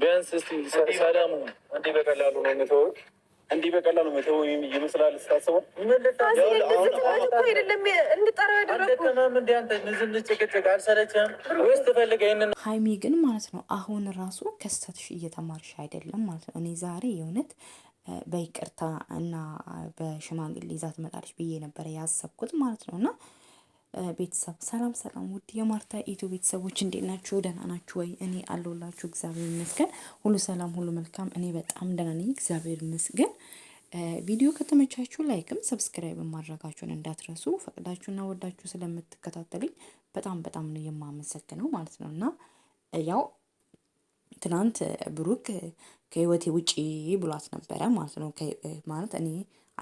ቢያንስ እስኪ ሰላም እንዲህ በቀላሉ ነው እንዲህ በቀላሉ መተው ይመስላል ሀይሚ ግን ማለት ነው አሁን ራሱ ከስተትሽ እየተማርሽ አይደለም ማለት ነው። እኔ ዛሬ የእውነት በይቅርታ እና በሽማግሌ ይዛት መጣለች ብዬ ነበረ ያሰብኩት ማለት ነው እና ቤተሰብ ሰላም ሰላም፣ ውድ የማርታ ኢትዮ ቤተሰቦች እንዴት ናችሁ? ደህና ናችሁ ወይ? እኔ አለሁላችሁ። እግዚአብሔር ይመስገን፣ ሁሉ ሰላም፣ ሁሉ መልካም። እኔ በጣም ደህና ነኝ፣ እግዚአብሔር ይመስገን። ቪዲዮ ከተመቻችሁ ላይክም ሰብስክራይብ ማድረጋችሁን እንዳትረሱ። ፈቅዳችሁና ወዳችሁ ስለምትከታተሉኝ በጣም በጣም ነው የማመሰግነው ማለት ነው እና ያው ትናንት ብሩክ ከህይወቴ ውጪ ብሏት ነበረ ማለት ነው ማለት እኔ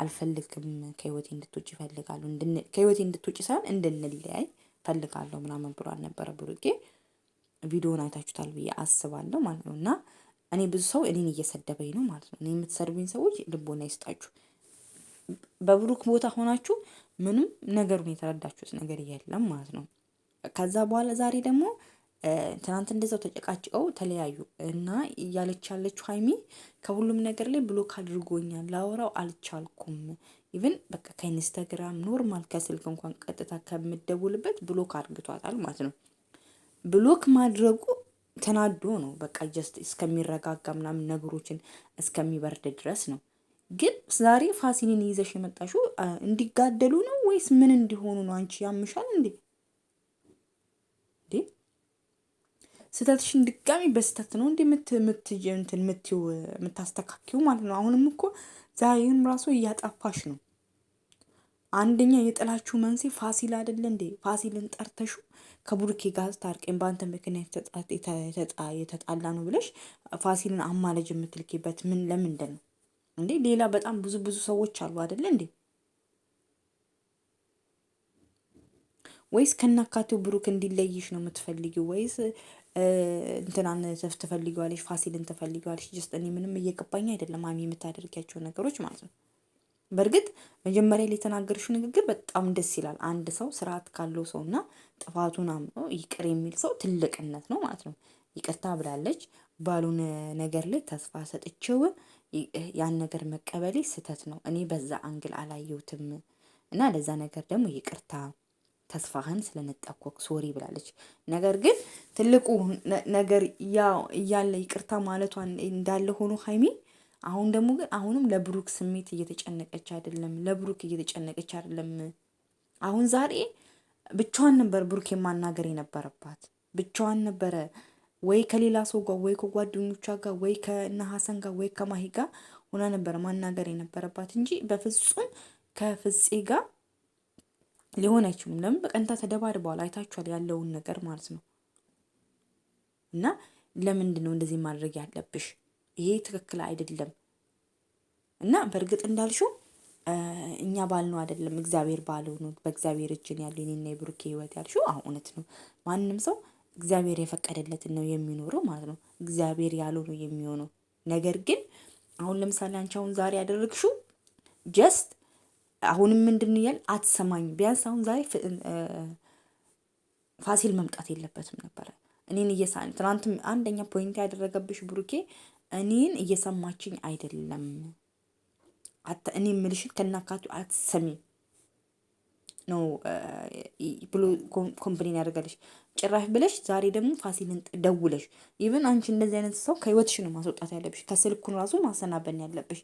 አልፈልግም ከህይወቴ እንድትውጭ ይፈልጋሉ ከህይወቴ እንድትውጭ ሳይሆን እንድንለያይ ፈልጋለሁ ምናምን ብሎ አልነበረ ብሩቄ። ቪዲዮን አይታችሁታል ብዬ አስባለሁ ማለት ነው። እና እኔ ብዙ ሰው እኔን እየሰደበኝ ነው ማለት ነው። እኔ የምትሰድቡኝ ሰዎች ልቦና ይስጣችሁ። በብሩክ ቦታ ሆናችሁ ምንም ነገሩን የተረዳችሁት ነገር የለም ማለት ነው። ከዛ በኋላ ዛሬ ደግሞ ትናንት እንደዛው ተጨቃጭቀው ተለያዩ እና እያለች ያለችው ሀይሚ ከሁሉም ነገር ላይ ብሎክ አድርጎኛል፣ ላወራው አልቻልኩም። ኢቨን በቃ ከኢንስታግራም ኖርማል ከስልክ እንኳን ቀጥታ ከምደውልበት ብሎክ አድርግቷታል ማለት ነው። ብሎክ ማድረጉ ተናዶ ነው በቃ ጀስት እስከሚረጋጋ ምናምን ነገሮችን እስከሚበርድ ድረስ ነው። ግን ዛሬ ፋሲልን ይዘሽ የመጣሽው እንዲጋደሉ ነው ወይስ ምን እንዲሆኑ ነው? አንቺ ያምሻል እንዴ? ስህተትሽን ድጋሚ በስህተት ነው እንደ ምትምትንትን ምትው የምታስተካኪው ማለት ነው። አሁንም እኮ ዛሬን ራሱ እያጠፋሽ ነው። አንደኛ የጥላችሁ መንስኤ ፋሲል አይደለ እንዴ? ፋሲልን ጠርተሹ ከቡርኬ ጋር ታርቀኝ በአንተ ምክንያት የተጣላ ነው ብለሽ ፋሲልን አማለጅ የምትልኬበት ምን ለምንድን ነው እንዴ? ሌላ በጣም ብዙ ብዙ ሰዎች አሉ አይደለ እንዴ? ወይስ ከናካቴው ብሩክ እንዲለይሽ ነው የምትፈልጊው? ወይስ እንትናን ትፈልጊዋለሽ? ፋሲልን ትፈልጊዋለሽ? ጀስት እኔ ምንም እየገባኝ አይደለም ሀይሚ የምታደርጊያቸው ነገሮች ማለት ነው። በእርግጥ መጀመሪያ ላይ የተናገርሽው ንግግር በጣም ደስ ይላል። አንድ ሰው ስርዓት ካለው ሰው እና ጥፋቱን አምኖ ይቅር የሚል ሰው ትልቅነት ነው ማለት ነው። ይቅርታ ብላለች። ባሉን ነገር ላይ ተስፋ ሰጥቼው ያን ነገር መቀበሌ ስህተት ነው፣ እኔ በዛ አንግል አላየሁትም እና ለዛ ነገር ደግሞ ይቅርታ ተስፋህን ስለነጠቆክ ሶሪ ብላለች። ነገር ግን ትልቁ ነገር እያለ ይቅርታ ማለቷ እንዳለ ሆኖ ሀይሚ አሁን ደግሞ ግን አሁንም ለብሩክ ስሜት እየተጨነቀች አይደለም፣ ለብሩክ እየተጨነቀች አይደለም። አሁን ዛሬ ብቻዋን ነበር ብሩክ የማናገር የነበረባት ብቻዋን ነበረ ወይ ከሌላ ሰው ጋር ወይ ከጓደኞቿ ጋር ወይ ከእነ ሀሰን ጋር ወይ ከማሂ ጋር ሆና ነበረ ማናገር የነበረባት እንጂ በፍጹም ከፍፄ ጋር ሊሆን አይችሉም። ለምን በቀንታ ተደባድበዋል። አይታችኋል ያለውን ነገር ማለት ነው። እና ለምንድን ነው እንደዚህ ማድረግ ያለብሽ? ይሄ ትክክል አይደለም። እና በእርግጥ እንዳልሹ እኛ ባል ነው አይደለም እግዚአብሔር ባል ነው። በእግዚአብሔር እጅን ያለ የኔና የብሩኬ ህይወት ያልሹ አሁ እውነት ነው። ማንም ሰው እግዚአብሔር የፈቀደለትን ነው የሚኖረው ማለት ነው። እግዚአብሔር ያለው ነው የሚሆነው። ነገር ግን አሁን ለምሳሌ አንቺ አሁን ዛሬ ያደረግሽው ጀስት አሁንም ምንድን ያል አትሰማኝ። ቢያንስ አሁን ዛሬ ፋሲል መምጣት የለበትም ነበረ። እኔን እየሳ ትናንትም አንደኛ ፖይንት ያደረገብሽ ብሩኬ እኔን እየሰማችኝ አይደለም፣ እኔ ምልሽን ከናካቱ አትሰሚ ነው ብሎ ኮምፕሌን ያደርጋለሽ ጭራሽ ብለሽ ዛሬ ደግሞ ፋሲልን ደውለሽ። ኢቨን አንቺ እንደዚህ አይነት ሰው ከህይወትሽ ነው ማስወጣት ያለብሽ። ከስልኩን ራሱ ማሰናበን ያለብሽ።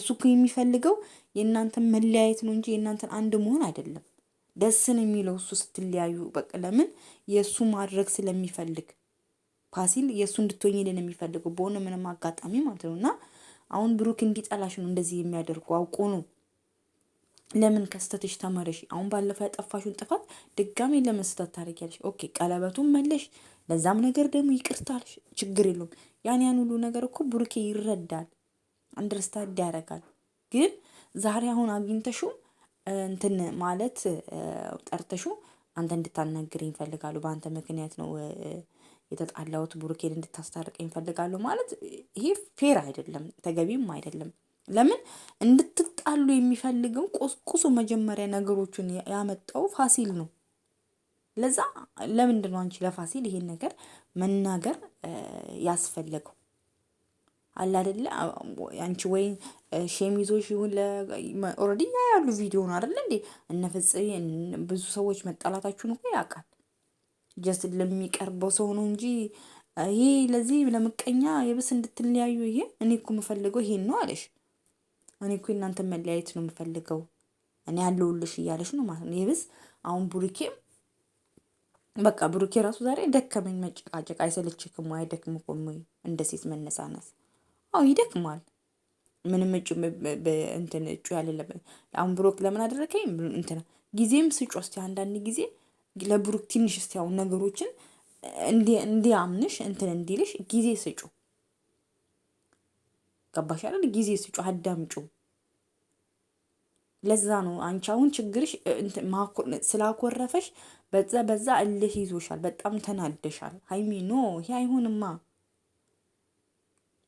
እሱ እኮ የሚፈልገው የእናንተን መለያየት ነው እንጂ የእናንተን አንድ መሆን አይደለም። ደስን የሚለው እሱ ስትለያዩ በቃ ለምን የእሱ ማድረግ ስለሚፈልግ ፋሲል የእሱ እንድትሆኝልን የሚፈልገው በሆነ ምንም አጋጣሚ ማለት ነው። እና አሁን ብሩክ እንዲጠላሽ ነው እንደዚህ የሚያደርጉ አውቆ ነው። ለምን ከስተትሽ ተመረሽ። አሁን ባለፈው ያጠፋሽውን ጥፋት ድጋሜ ለምን ስተት ታደርጊያለሽ? ኦኬ ቀለበቱን መለሽ፣ ለዛም ነገር ደግሞ ይቅርታልሽ፣ ችግር የለውም። ያን ያን ሁሉ ነገር እኮ ብሩኬ ይረዳል። አንደርስታንድ ያደርጋል። ግን ዛሬ አሁን አግኝተሹ እንትን ማለት ጠርተሹ አንተ እንድታነግር ይፈልጋሉ፣ በአንተ ምክንያት ነው የተጣላሁት፣ ብሩኬን እንድታስታርቅ ይፈልጋሉ ማለት ይሄ ፌር አይደለም፣ ተገቢም አይደለም። ለምን እንድትጣሉ የሚፈልገው ቁስቁሱ መጀመሪያ ነገሮቹን ያመጣው ፋሲል ነው። ለዛ ለምንድን ነው አንቺ ለፋሲል ይሄን ነገር መናገር ያስፈለገው? አለ አደለ አንቺ ወይ ሸሚዞች ይሁን ኦልሬዲ ቪዲዮ ነው አደለ እንዴ እነ ፍጽ ብዙ ሰዎች መጣላታችሁን እኮ ያውቃል። ጀስት ለሚቀርበው ሰው ነው እንጂ ይሄ ለዚህ ለምቀኛ የብስ እንድትለያዩ ይሄ እኔ እኮ የምፈልገው ይሄን ነው አለሽ። እኔ እኮ እናንተ መለያየት ነው የምፈልገው እኔ ያለውልሽ እያለሽ ነው ማለት ነው። የብስ አሁን ቡሩኬም በቃ ብሩኬ ራሱ ዛሬ ደከመኝ መጨቃጨቅ አይሰለችክም? አይደክምኩም? እንደ ሴት መነሳነስ አዎ ይደክማል። ምንም እጩ እንትን እጩ ያልለበት አሁን ብሮክ ለምን አደረከኝ እንትን ጊዜም ስጩ እስቲ አንዳንድ ጊዜ ለብሩክ ትንሽ እስቲ አሁን ነገሮችን እንዲያምንሽ እንትን እንዲልሽ ጊዜ ስጩ። ገባሽ አይደል? ጊዜ ስጩ፣ አዳምጩ። ለዛ ነው አንቺ አሁን ችግርሽ ስላኮረፈሽ በዛ በዛ እልህ ይዞሻል። በጣም ተናደሻል። ሀይሚ ኖ ይሄ አይሆንማ።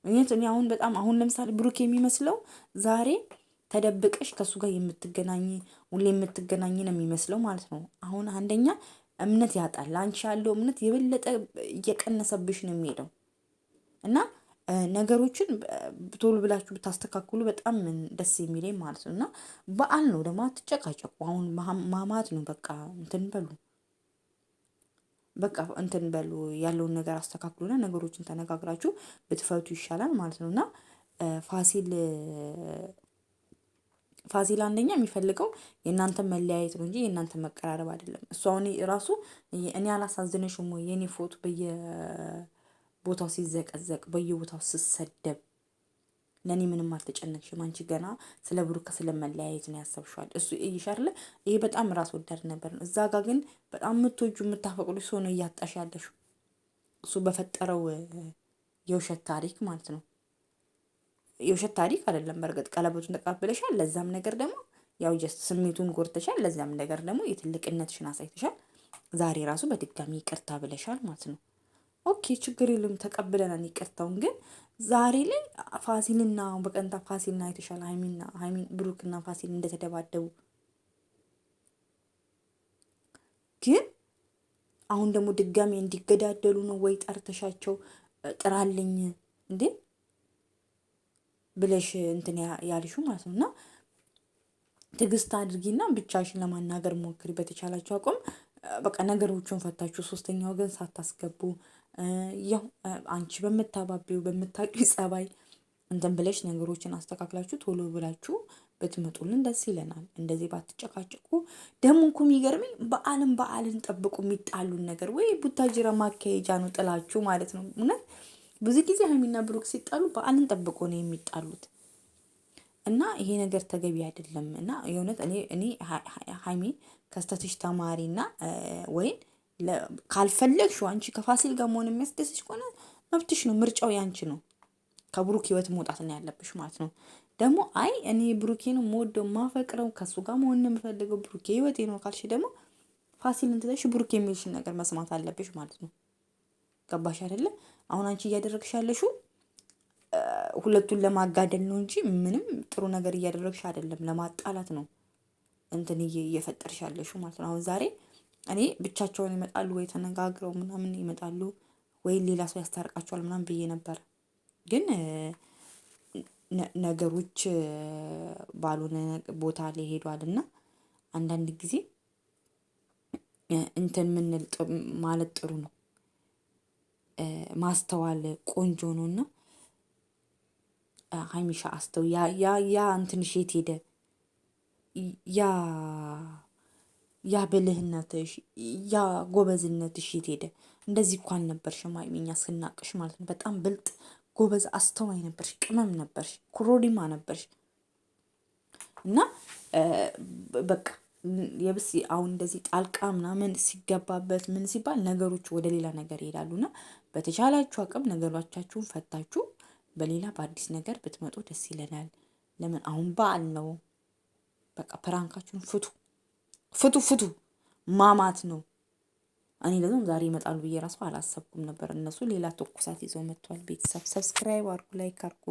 ምክንያቱ እኔ አሁን በጣም አሁን ለምሳሌ ብሩክ የሚመስለው ዛሬ ተደብቀሽ ከእሱ ጋር የምትገናኝ ሁሌ የምትገናኝ ነው የሚመስለው ማለት ነው። አሁን አንደኛ እምነት ያጣል። ለአንቺ ያለው እምነት የበለጠ እየቀነሰብሽ ነው የሚሄደው እና ነገሮችን ቶሎ ብላችሁ ብታስተካክሉ በጣም ደስ የሚለኝ ማለት ነው። እና በዓል ነው ደግሞ አትጨቃጨቁ። አሁን ማማት ነው በቃ እንትን በሉ በቃ እንትን በሉ ያለውን ነገር አስተካክሉና ነገሮችን ተነጋግራችሁ ብትፈቱ ይሻላል ማለት ነው እና ፋሲል ፋሲል አንደኛ የሚፈልገው የእናንተን መለያየት ነው እንጂ የእናንተ መቀራረብ አይደለም። እሱ አሁን ራሱ እኔ አላሳዝነሽም ወይ የእኔ ፎቶ በየቦታው ሲዘቀዘቅ በየቦታው ስሰደብ ለእኔ ምንም አልተጨነቅሽም። አንቺ ገና ስለ ብሩክ ስለመለያየት ነው ያሰብሸዋል። እሱ ይሻርለ ይሄ በጣም ራስ ወዳድ ነበር እዛ ጋ ግን በጣም የምትወጁ የምታፈቅዱ ሰው ነው እያጣሽ ያለሽ እሱ በፈጠረው የውሸት ታሪክ ማለት ነው። የውሸት ታሪክ አይደለም። በእርግጥ ቀለበቱን ተቀብለሻል። ለዛም ነገር ደግሞ ያው ጀስት ስሜቱን ጎርተሻል። ለዛም ነገር ደግሞ የትልቅነትሽን አሳይተሻል። ዛሬ ራሱ በድጋሚ ይቅርታ ብለሻል ማለት ነው። ኦኬ ችግር የለም ተቀብለናል ይቅርታውን። ግን ዛሬ ላይ ፋሲልና በቀንታ ፋሲልና የተሻለ ሀይሚና ሀይሚን ብሩክና ፋሲል እንደተደባደቡ ግን አሁን ደግሞ ድጋሚ እንዲገዳደሉ ነው ወይ ጠርተሻቸው ጥራልኝ እንዴ ብለሽ እንትን ያልሹ ማለት ነው እና ትዕግስት አድርጊና ብቻሽን ለማናገር ሞክሪ በተቻላቸው አቁም። በቃ ነገሮቹን ፈታችሁ ሶስተኛ ወገን ሳታስገቡ ያው አንቺ በምታባቢው በምታቂ ጸባይ እንትን ብለሽ ነገሮችን አስተካክላችሁ ቶሎ ብላችሁ ብትመጡልን ደስ ይለናል። እንደዚህ ባትጨቃጨቁ። ደግሞ እኮ የሚገርመኝ በዓልን በዓልን ጠብቁ የሚጣሉን ነገር ወይ ቡታጅራ ማካሄጃ ነው ጥላችሁ ማለት ነው። እውነት ብዙ ጊዜ ሀይሚና ብሩክ ሲጣሉ በዓልን ጠብቆ ነው የሚጣሉት እና ይሄ ነገር ተገቢ አይደለም እና የእውነት እኔ እኔ ሀይሜ ከስተትሽ ተማሪና ወይን ካልፈለግሽው አንቺ ከፋሲል ጋር መሆን የሚያስደስሽ ከሆነ መብትሽ ነው፣ ምርጫው ያንቺ ነው። ከብሩክ ህይወት መውጣት ነው ያለብሽ ማለት ነው። ደግሞ አይ እኔ ብሩኬን የምወደው ማፈቅረው ከሱ ጋር መሆን ነው የምፈልገው ብሩኬ ህይወቴ ነው ካልሽ ደግሞ ፋሲልን ትተሽ ብሩክ የሚልሽን ነገር መስማት አለብሽ ማለት ነው። ገባሽ አይደለ? አሁን አንቺ እያደረግሽ ያለሽው ሁለቱን ለማጋደል ነው እንጂ ምንም ጥሩ ነገር እያደረግሽ አይደለም፣ ለማጣላት ነው። እንትን እየፈጠርሽ ያለሽው ማለት ነው። አሁን ዛሬ እኔ ብቻቸውን ይመጣሉ ወይ ተነጋግረው ምናምን ይመጣሉ ወይ ሌላ ሰው ያስታርቃቸዋል ምናምን ብዬ ነበር። ግን ነገሮች ባልሆነ ቦታ ላይ ሄዷል እና አንዳንድ ጊዜ እንትን ምንል ማለት ጥሩ ነው። ማስተዋል ቆንጆ ነው እና ሀይሚሻ አስተው ያ ያ እንትንሽ የት ሄደ ያ ያ ብልህነትሽ ያ ጎበዝነትሽ የት ሄደ? እንደዚህ እኮ አልነበርሽም ሀይሚ ስናቅሽ ማለት ነው። በጣም ብልጥ ጎበዝ አስተዋይ ነበርሽ፣ ቅመም ነበርሽ፣ ኩሮዲማ ነበርሽ እና በቃ የብስ አሁን እንደዚህ ጣልቃ ምናምን ሲገባበት ምን ሲባል ነገሮች ወደ ሌላ ነገር ይሄዳሉና በተቻላችሁ አቅም ነገሮቻችሁን ፈታችሁ በሌላ በአዲስ ነገር ብትመጡ ደስ ይለናል። ለምን አሁን በዓል ነው። በቃ ፕራንካችሁን ፍቱ ፍቱ ፍቱ። ማማት ነው። እኔ ደግሞ ዛሬ ይመጣሉ ብዬ ራሱ አላሰብኩም ነበር። እነሱ ሌላ ትኩሳት ይዘው መጥቷል። ቤተሰብ ሰብስክራይብ አርጉ፣ ላይክ አርጉ።